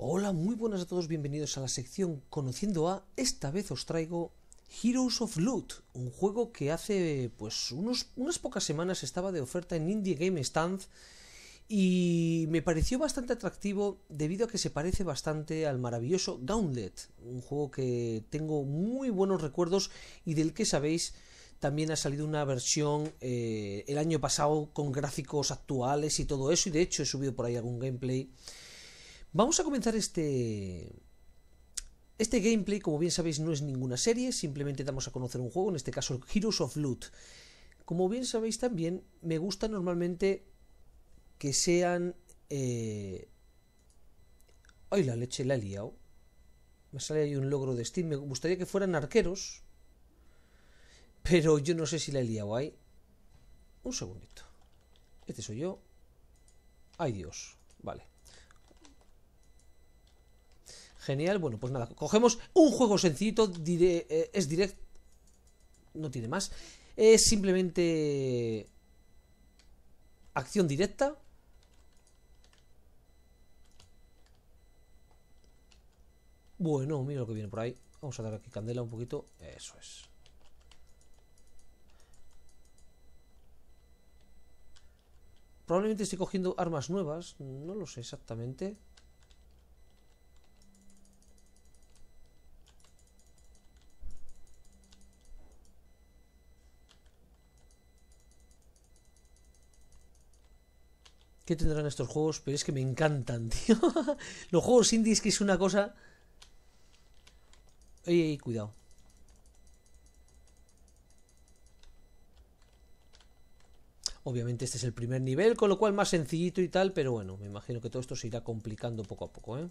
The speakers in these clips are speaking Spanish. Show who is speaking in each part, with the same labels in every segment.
Speaker 1: Hola, muy buenas a todos, bienvenidos a la sección Conociendo a. Esta vez os traigo Heroes of Loot, un juego que hace pues unos, unas pocas semanas estaba de oferta en Indie Game Stand y me pareció bastante atractivo debido a que se parece bastante al maravilloso Gauntlet, un juego que tengo muy buenos recuerdos y del que sabéis también ha salido una versión eh, el año pasado con gráficos actuales y todo eso y de hecho he subido por ahí algún gameplay Vamos a comenzar este... Este gameplay, como bien sabéis, no es ninguna serie, simplemente damos a conocer un juego, en este caso Heroes of Loot. Como bien sabéis también, me gusta normalmente que sean... Eh... ¡Ay, la leche! La he liado. Me sale ahí un logro de Steam. Me gustaría que fueran arqueros. Pero yo no sé si la he liado ahí. Un segundito. Este soy yo. ¡Ay, Dios! Vale. Genial, bueno, pues nada, cogemos un juego sencillito, eh, es direct... no tiene más, es simplemente acción directa. Bueno, mira lo que viene por ahí. Vamos a dar aquí candela un poquito. Eso es. Probablemente estoy cogiendo armas nuevas. No lo sé exactamente. ¿Qué tendrán estos juegos? Pero es que me encantan, tío. Los juegos indies que es una cosa... Ey, cuidado. Obviamente este es el primer nivel, con lo cual más sencillito y tal, pero bueno, me imagino que todo esto se irá complicando poco a poco, ¿eh?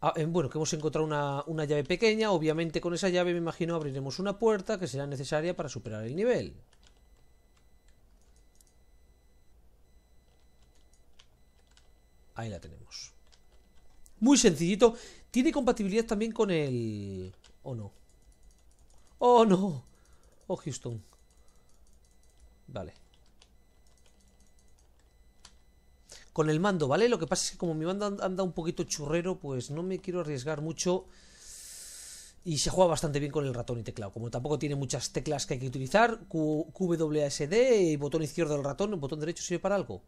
Speaker 1: Ah, eh, bueno, que hemos encontrado una, una llave pequeña, obviamente con esa llave me imagino abriremos una puerta que será necesaria para superar el nivel. Ahí la tenemos. Muy sencillito. Tiene compatibilidad también con el... ¿O oh, no? ¡Oh, no! ¡Oh, Houston! Vale. Con el mando, ¿vale? Lo que pasa es que como mi mando anda un poquito churrero, pues no me quiero arriesgar mucho. Y se juega bastante bien con el ratón y teclado. Como tampoco tiene muchas teclas que hay que utilizar, Q y botón izquierdo del ratón, botón derecho sirve para algo.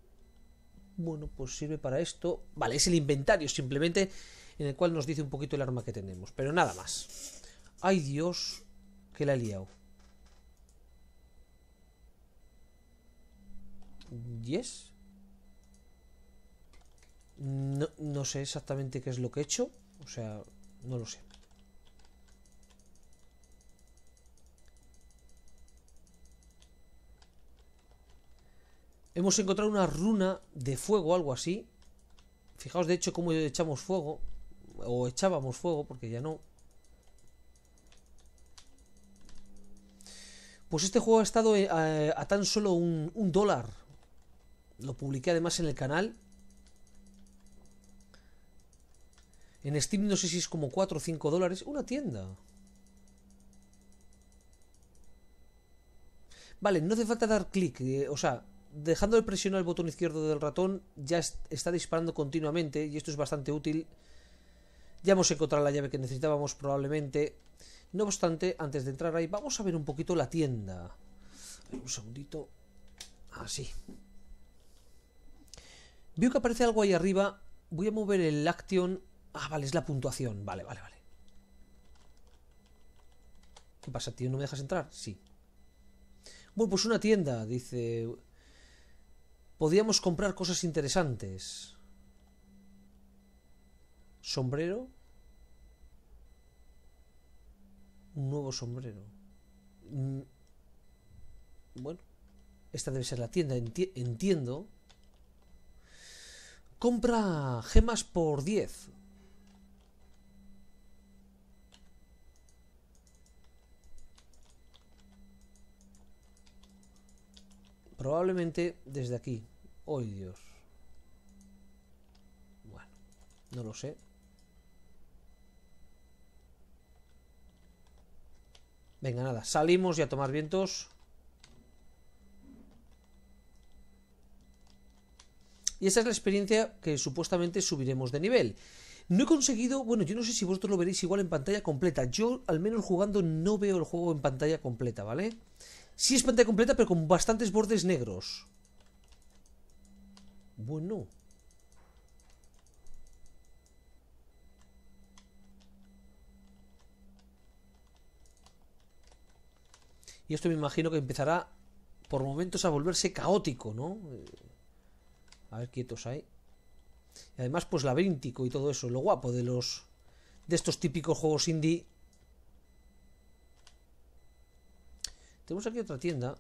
Speaker 1: Bueno, pues sirve para esto. Vale, es el inventario simplemente en el cual nos dice un poquito el arma que tenemos. Pero nada más. Ay Dios, que la he liado. ¿Yes? No, no sé exactamente qué es lo que he hecho. O sea, no lo sé. Hemos encontrado una runa de fuego, algo así. Fijaos, de hecho, cómo echamos fuego. O echábamos fuego, porque ya no. Pues este juego ha estado eh, a, tan solo un, dólar. Lo publiqué además en el canal. En Steam no sé si es como 4 o 5 dólares. Una tienda. Vale, no hace falta dar clic. Eh, o sea, dejando de presionar el botón izquierdo del ratón, ya está disparando continuamente y esto es bastante útil. Ya hemos encontrado la llave que necesitábamos probablemente. No obstante, antes de entrar ahí, vamos a ver un poquito la tienda. un segundito. Así. Ah, Veo que aparece algo ahí arriba. Voy a mover el action. Ah, vale, es la puntuación. Vale, vale, vale. ¿Qué pasa, tío? ¿No me dejas entrar? Sí. Bueno, pues una tienda, dice... Podíamos comprar cosas interesantes. Sombrero. Un nuevo sombrero. Mm. Bueno, esta debe ser la tienda, entiendo. Compra gemas por 10. Probablemente desde aquí. oh Dios! Bueno, no lo sé. Venga, nada, salimos y a tomar vientos. Y esa es la experiencia que supuestamente subiremos de nivel. No he conseguido, bueno, yo no sé si vosotros lo veréis igual en pantalla completa. Yo, al menos jugando, no veo el juego en pantalla completa, ¿vale? Sí es pantalla completa, pero con bastantes bordes negros. Bueno. Y esto me imagino que empezará por momentos a volverse caótico, ¿no? Eh, a ver, quietos ahí. Y además, pues laberíntico y todo eso. Lo guapo de los. de estos típicos juegos indie Tenemos aquí otra tienda.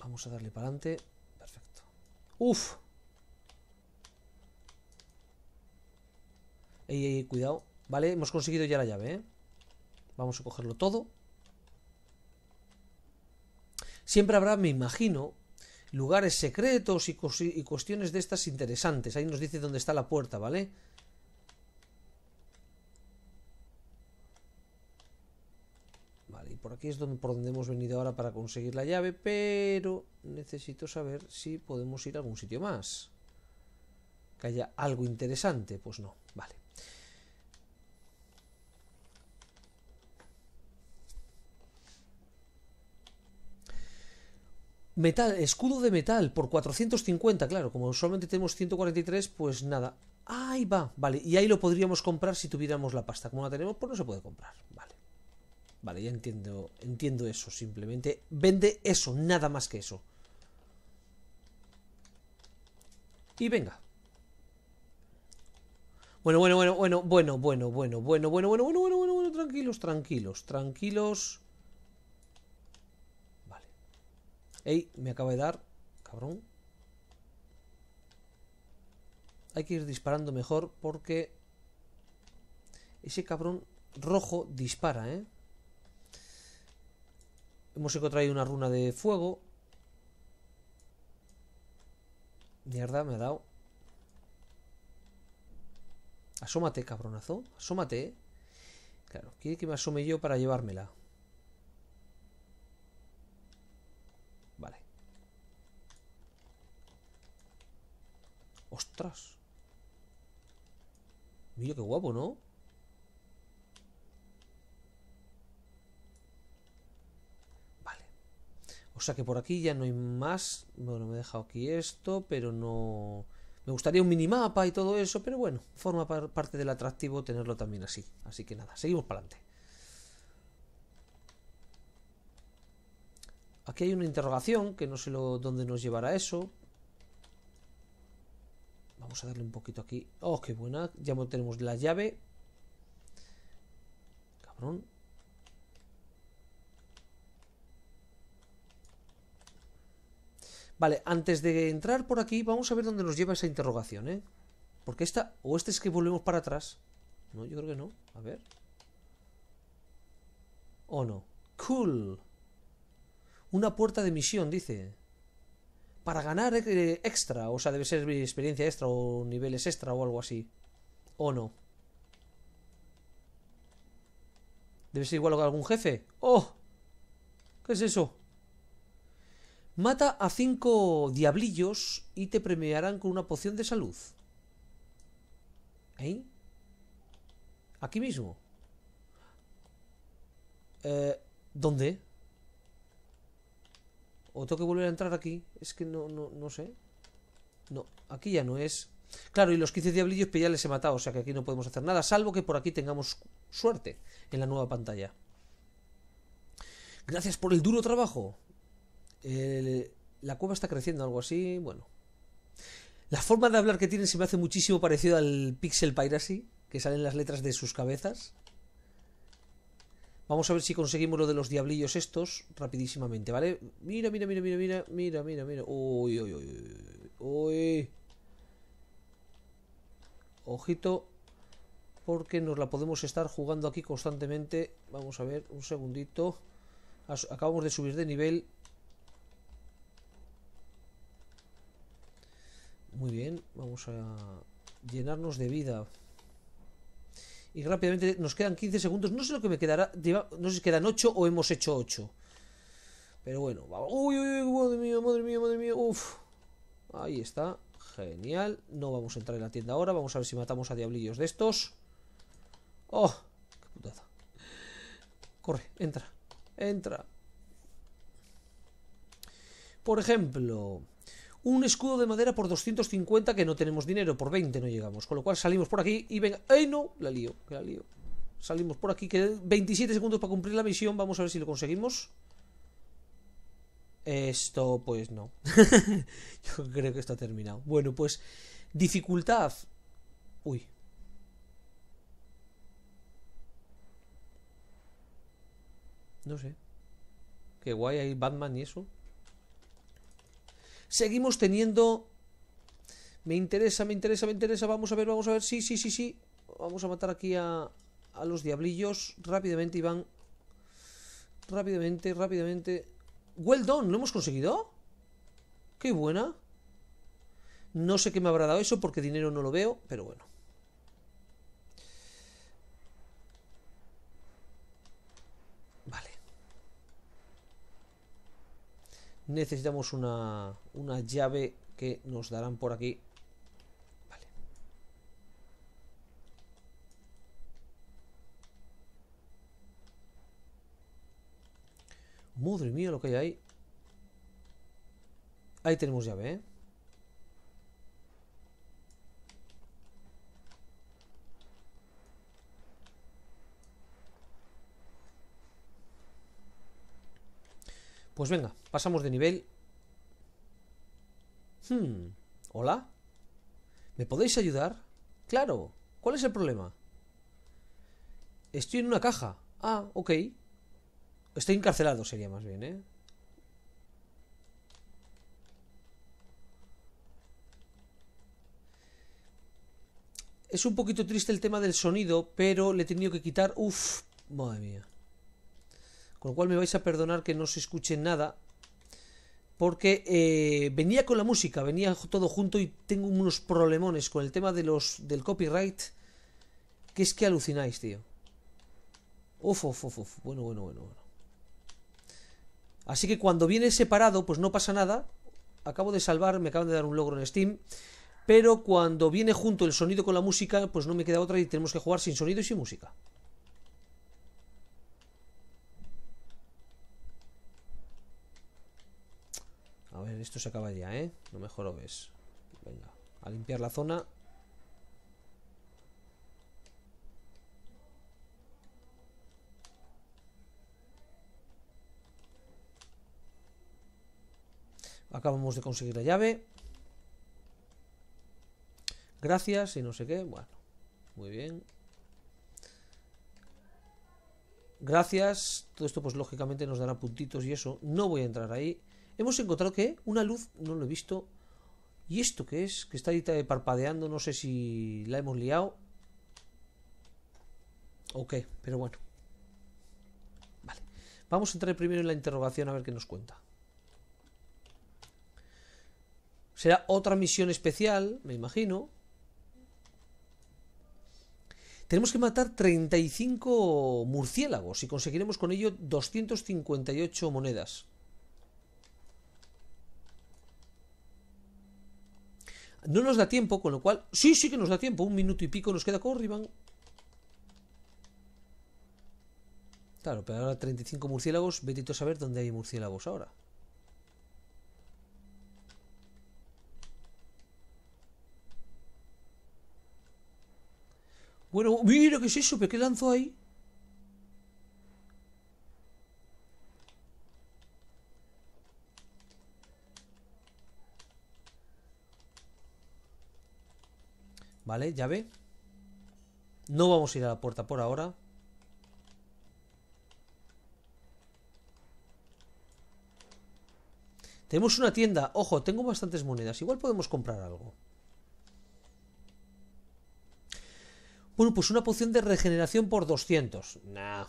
Speaker 1: Vamos a darle para adelante. Perfecto. ¡Uf! Ey, ey, cuidado. Vale, hemos conseguido ya la llave, ¿eh? Vamos a cogerlo todo. Siempre habrá, me imagino, lugares secretos y, cuestiones de estas interesantes. Ahí nos dice dónde está la puerta, ¿vale? Vale, y por aquí es donde, por donde hemos venido ahora para conseguir la llave, pero necesito saber si podemos ir a algún sitio más. Que haya algo interesante, pues no, vale. Metal, escudo de metal por 450, claro, como solamente tenemos 143, pues nada. Ahí va, vale, y ahí lo podríamos comprar si tuviéramos la pasta. Como la tenemos, pues no se puede comprar, vale. Vale, ya entiendo, entiendo eso, simplemente vende eso, nada más que eso. Y venga. Bueno, bueno, bueno, bueno, bueno, bueno, bueno, bueno, bueno, bueno, bueno, bueno, bueno, bueno, tranquilos, tranquilos, tranquilos. Ey, me acaba de dar. Cabrón. Hay que ir disparando mejor porque... Ese cabrón rojo dispara, ¿eh? Hemos encontrado una runa de fuego. Mierda, me ha dado. Asómate, cabronazo. Asómate, ¿eh? Claro, quiere que me asome yo para llevármela. ¡Ostras! Mira qué guapo, ¿no? Vale. O sea que por aquí ya no hay más. Bueno, me he dejado aquí esto, pero no... Me gustaría un minimapa y todo eso, pero bueno, forma parte del atractivo tenerlo también así. Así que nada, seguimos para adelante. Aquí hay una interrogación, que no sé dónde nos llevará eso, vamos a darle un poquito aquí. Oh, qué buena. Ya tenemos la llave. Cabrón. Vale, antes de entrar por aquí, vamos a ver dónde nos lleva esa interrogación, ¿eh? Porque esta... O este es que volvemos para atrás. No, yo creo que no. A ver. O oh, no. Cool. Una puerta de misión, dice para ganar eh, extra. O sea, debe ser experiencia extra o niveles extra o algo así. ¿O no? ¿Debe ser igual que algún jefe? ¡Oh! ¿Qué es eso? Mata a cinco diablillos y te premiarán con una poción de salud. ¿Eh? Aquí mismo. Eh, ¿Dónde? O tengo que volver a entrar aquí. Es que no, no, no sé. No, aquí ya no es. Claro, y los 15 diablillos pues ya les he matado, o sea que aquí no podemos hacer nada, salvo que por aquí tengamos suerte en la nueva pantalla. Gracias por el duro trabajo. la cueva está creciendo, algo así, bueno. La forma de hablar que tienen se me hace muchísimo parecido al Pixel Piracy, que salen las letras de sus cabezas. Vamos a ver si conseguimos lo de los diablillos estos rapidísimamente, ¿vale? Mira, mira, mira, mira, mira, mira, mira, mira. Uy, uy, uy, uy. Ojito, porque nos la podemos estar jugando aquí constantemente. Vamos a ver, un segundito. Acabamos de subir de nivel. Muy bien, vamos a llenarnos de vida. Y rápidamente nos quedan 15 segundos. No sé lo que me quedará. No sé si quedan 8 o hemos hecho 8. Pero bueno. Uy, uy, uy, madre mía, madre mía, madre mía. Uf. Ahí está. Genial. No vamos a entrar en la tienda ahora. Vamos a ver si matamos a diablillos de estos. ¡Oh! ¡Qué putada! Corre, entra. Entra. Por ejemplo un escudo de madera por 250 que no tenemos dinero, por 20 no llegamos. Con lo cual salimos por aquí y venga... ¡Ay, no! La lío, la lío. Salimos por aquí, que 27 segundos para cumplir la misión. Vamos a ver si lo conseguimos. Esto, pues no. Yo creo que está terminado. Bueno, pues dificultad. Uy. No sé. Qué guay hay Batman y eso. Seguimos teniendo... Me interesa, me interesa, me interesa. Vamos a ver, vamos a ver. Sí, sí, sí, sí. Vamos a matar aquí a, los diablillos. Rápidamente, Iván. Rápidamente, rápidamente. Well done, ¿lo hemos conseguido? Qué buena. No sé qué me habrá dado eso porque dinero no lo veo, pero bueno. necesitamos una, una llave que nos darán por aquí. Vale. Madre mía lo que hay ahí. Ahí tenemos llave, ¿eh? Pues venga, pasamos de nivel. Hmm, ¿hola? ¿Me podéis ayudar? Claro, ¿cuál es el problema? Estoy en una caja. Ah, ok. Estoy encarcelado sería más bien, ¿eh? Es un poquito triste el tema del sonido, pero le he tenido que quitar... Uf, madre mía. Con lo cual me vais a perdonar que no se escuche nada. Porque eh, venía con la música, venía todo junto y tengo unos problemones con el tema de los, del copyright. Que es que alucináis, tío. Uf, uf, uf, Bueno, bueno, bueno, bueno. Así que cuando viene separado, pues no pasa nada. Acabo de salvar, me acaban de dar un logro en Steam. Pero cuando viene junto el sonido con la música, pues no me queda otra y tenemos que jugar sin sonido y sin música. esto se acaba ya, ¿eh? Lo mejor lo ves. Venga, a limpiar la zona. Acabamos de conseguir la llave. Gracias y no sé qué. Bueno, muy bien. Gracias. Todo esto pues lógicamente nos dará puntitos y eso. No voy a entrar ahí hemos encontrado que una luz, no lo he visto. ¿Y esto qué es? Que está ahí parpadeando, no sé si la hemos liado. O qué, pero bueno. Vale. Vamos a entrar primero en la interrogación a ver qué nos cuenta. Será otra misión especial, me imagino. Tenemos que matar 35 murciélagos y conseguiremos con ello 258 monedas. No nos da tiempo, con lo cual... Sí, sí que nos da tiempo. Un minuto y pico nos queda Corriban. Claro, pero ahora 35 murciélagos. bendito a saber dónde hay murciélagos ahora. Bueno, mira, ¿qué es eso? ¿Pero qué lanzó ahí? Vale, llave No vamos a ir a la puerta por ahora Tenemos una tienda Ojo, tengo bastantes monedas Igual podemos comprar algo Bueno, pues una poción de regeneración por 200 Nah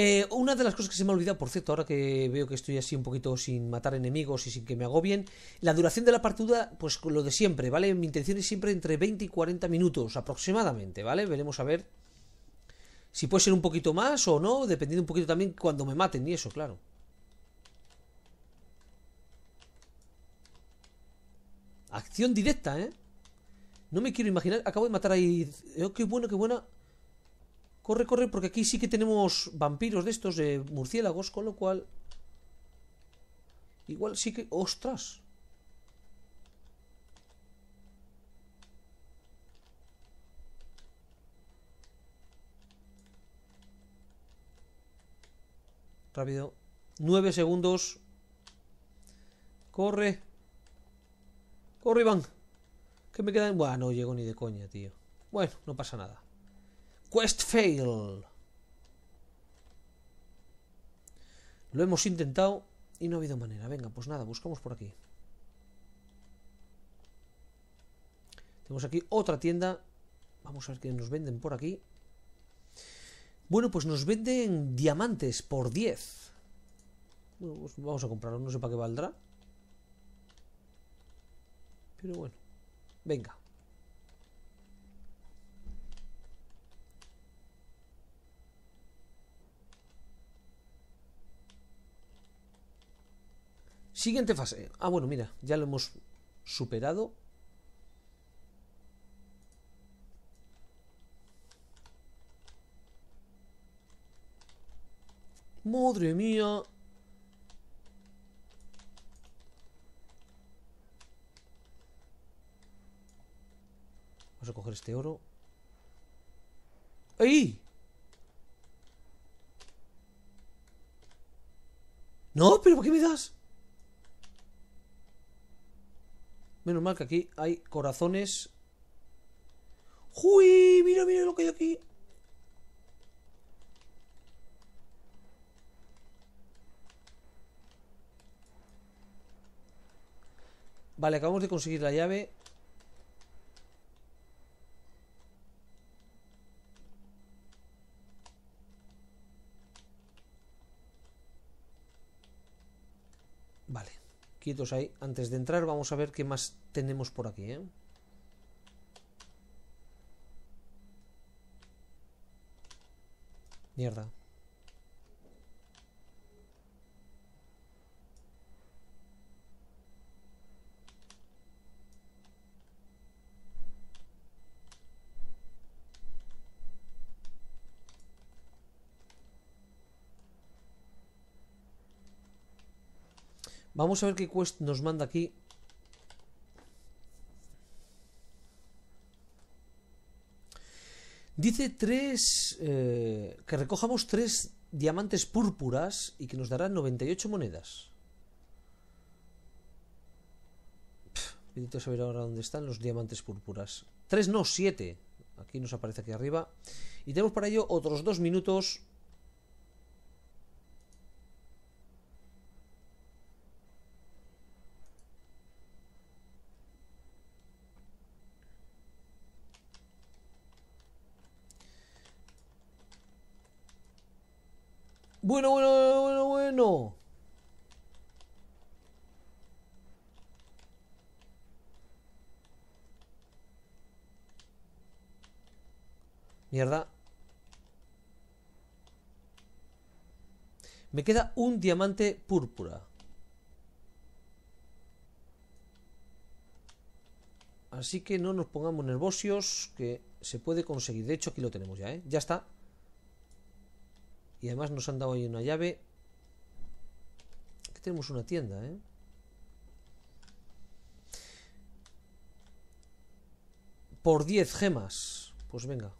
Speaker 1: Eh, una de las cosas que se me ha olvidado, por cierto, ahora que veo que estoy así un poquito sin matar enemigos y sin que me agobien, la duración de la partida, pues lo de siempre, ¿vale? Mi intención es siempre entre 20 y 40 minutos aproximadamente, ¿vale? Veremos a ver si puede ser un poquito más o no, dependiendo un poquito también cuando me maten y eso, claro. Acción directa, ¿eh? No me quiero imaginar, acabo de matar ahí... Oh, ¡Qué bueno, qué bueno Corre, corre, porque aquí sí que tenemos vampiros de estos, de murciélagos, con lo cual... Igual sí que... ¡Ostras! Rápido. nueve segundos. Corre. Corre, Iván. Que me quedan... Bueno, no llego ni de coña, tío. Bueno, no pasa nada. Quest fail Lo hemos intentado y no ha habido manera. Venga, pues nada, buscamos por aquí. Tenemos aquí otra tienda. Vamos a ver qué nos venden por aquí. Bueno, pues nos venden diamantes por 10. Pues vamos a comprarlo, no sé para qué valdrá. Pero bueno, venga. Siguiente fase. Ah, bueno, mira, ya lo hemos superado. Madre mía. Vamos a coger este oro. ¡Ay! No, pero ¿por qué me das? Menos mal que aquí hay corazones. ¡Uy! Mira, mira lo que hay aquí. Vale, acabamos de conseguir la llave ahí. Antes de entrar vamos a ver qué más tenemos por aquí, ¿eh? Mierda. Vamos a ver qué quest nos manda aquí. Dice tres... Eh, que recojamos tres diamantes púrpuras y que nos dará 98 monedas. necesito saber ahora dónde están los diamantes púrpuras. Tres no, siete. Aquí nos aparece aquí arriba. Y tenemos para ello otros dos minutos Bueno, bueno, bueno, bueno. Mierda. Me queda un diamante púrpura. Así que no nos pongamos nerviosos que se puede conseguir. De hecho, aquí lo tenemos ya, ¿eh? Ya está. Y además nos han dado ahí una llave. Aquí tenemos una tienda, ¿eh? Por 10 gemas. Pues venga.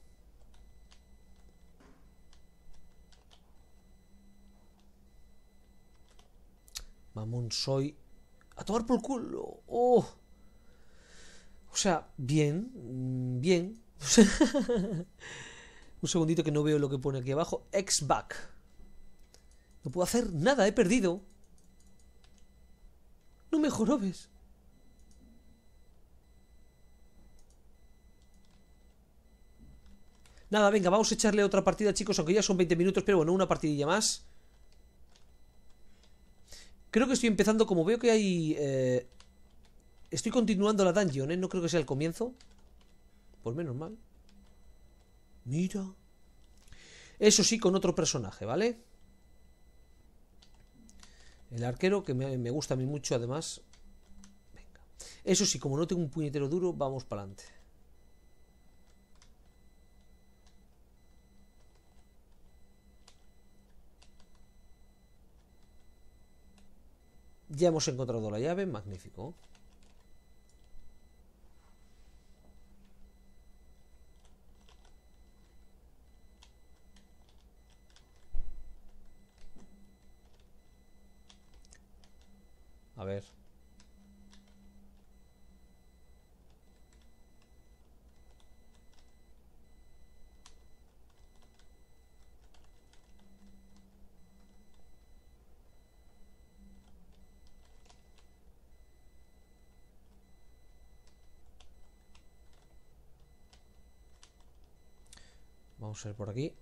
Speaker 1: Mamón soy. A tomar por culo. Oh. O sea, bien. Mm, bien. Un segundito que no veo lo que pone aquí abajo. X-Back No puedo hacer nada, he perdido. No me jorobes. Nada, venga, vamos a echarle otra partida, chicos, aunque ya son 20 minutos, pero bueno, una partidilla más. Creo que estoy empezando, como veo que hay... Eh, estoy continuando la dungeon, ¿eh? No creo que sea el comienzo. Por menos mal. Mira. Eso sí, con otro personaje, ¿vale? El arquero, que me, gusta a mí mucho, además. Venga. Eso sí, como no tengo un puñetero duro, vamos para adelante. Ya hemos encontrado la llave, magnífico. ver. Vamos a ver por aquí.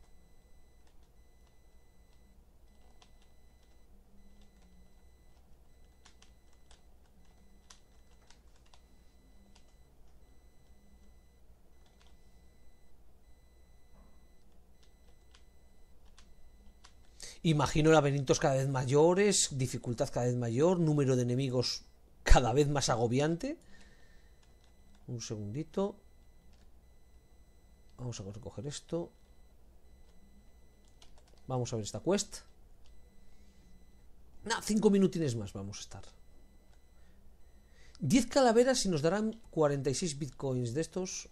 Speaker 1: Imagino laberintos cada vez mayores, dificultad cada vez mayor, número de enemigos cada vez más agobiante. Un segundito. Vamos a recoger esto. Vamos a ver esta quest. nada cinco minutines más vamos a estar. 10 calaveras y nos darán 46 bitcoins de estos.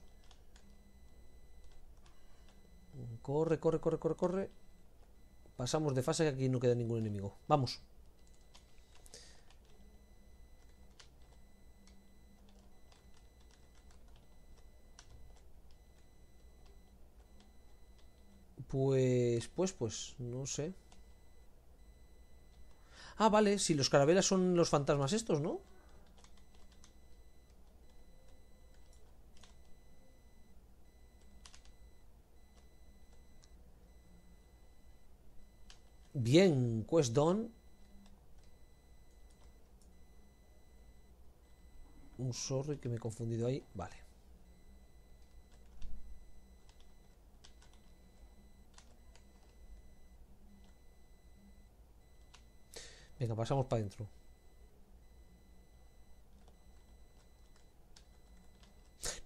Speaker 1: Corre, corre, corre, corre, corre. Pasamos de fase que aquí no queda ningún enemigo. Vamos. Pues, pues, pues, no sé. Ah, vale, si los carabelas son los fantasmas estos, ¿no? Bien, quest done. Un sorry que me he confundido ahí. Vale. Venga, pasamos para adentro.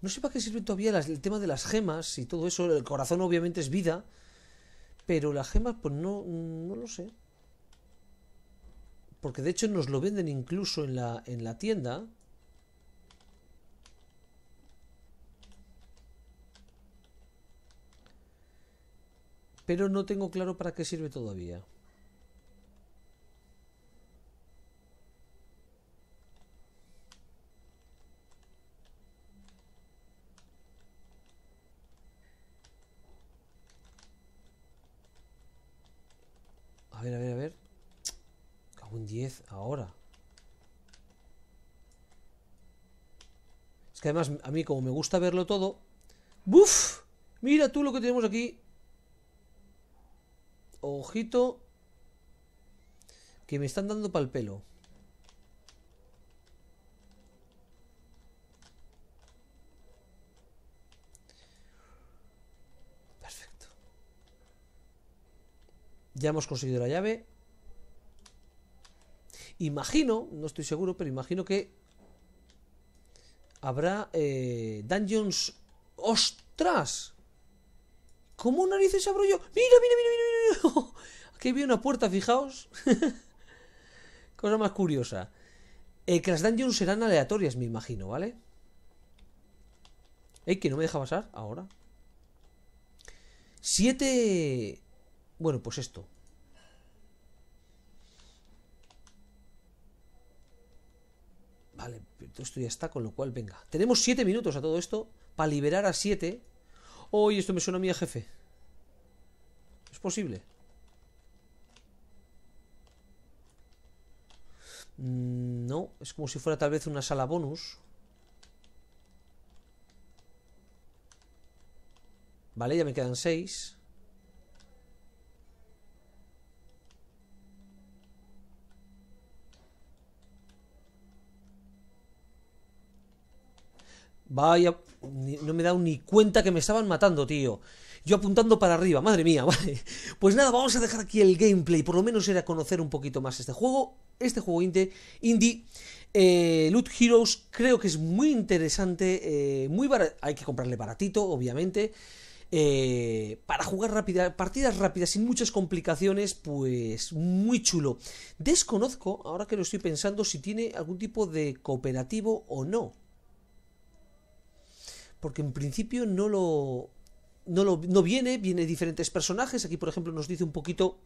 Speaker 1: No sé para qué sirve todavía el tema de las gemas y todo eso. El corazón obviamente es vida. Pero las gemas, pues no, lo sé. Porque de hecho nos lo venden incluso en la, en la tienda. Pero no tengo claro para qué sirve todavía. 10 ahora. Es que además a mí como me gusta verlo todo... ¡Buf! Mira tú lo que tenemos aquí. Ojito. Que me están dando pal pelo. Perfecto. Ya hemos conseguido la llave. Imagino, no estoy seguro, pero imagino que habrá eh, dungeons... ¡Ostras! ¿Cómo narices abro yo? ¡Mira, mira, mira, mira! mira! Aquí había una puerta, fijaos. Cosa más curiosa. Eh, que las dungeons serán aleatorias, me imagino, ¿vale? Ey, que no me deja pasar ahora. Siete... Bueno, pues esto. Vale, esto ya está, con lo cual, venga. Tenemos 7 minutos a todo esto para liberar a 7. Hoy esto me suena a mí jefe. Es posible. Mm, no, es como si fuera tal vez una sala bonus. Vale, ya me quedan 6. Vaya, no me he dado ni cuenta que me estaban matando, tío. Yo apuntando para arriba, madre mía, vale. Pues nada, vamos a dejar aquí el gameplay. Por lo menos era conocer un poquito más este juego. Este juego indie. Eh, Loot Heroes creo que es muy interesante. Eh, muy Hay que comprarle baratito, obviamente. Eh, para jugar rápida, partidas rápidas sin muchas complicaciones, pues muy chulo. Desconozco, ahora que lo estoy pensando, si tiene algún tipo de cooperativo o no porque en principio no lo, no lo no viene, viene diferentes personajes. Aquí, por ejemplo, nos dice un poquito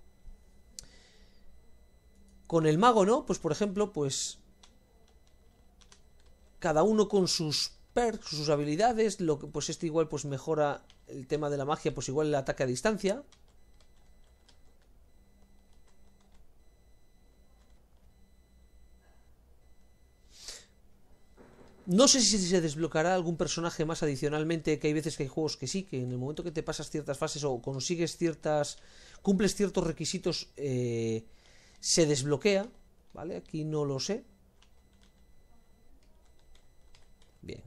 Speaker 1: con el mago, ¿no? Pues, por ejemplo, pues cada uno con sus perks, sus habilidades, lo que, pues este igual pues mejora el tema de la magia, pues igual el ataque a distancia. No sé si se desbloqueará algún personaje más adicionalmente, que hay veces que hay juegos que sí, que en el momento que te pasas ciertas fases o consigues ciertas, cumples ciertos requisitos, eh, se desbloquea, ¿vale? Aquí no lo sé. Bien.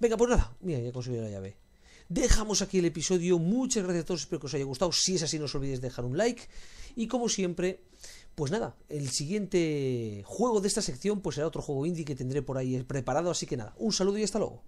Speaker 1: Venga, pues nada, mira, ya conseguido la llave. Dejamos aquí el episodio, muchas gracias a todos, espero que os haya gustado, si es así no os olvidéis de dejar un like y como siempre... Pues nada, el siguiente juego de esta sección pues será otro juego indie que tendré por ahí preparado, así que nada, un saludo y hasta luego.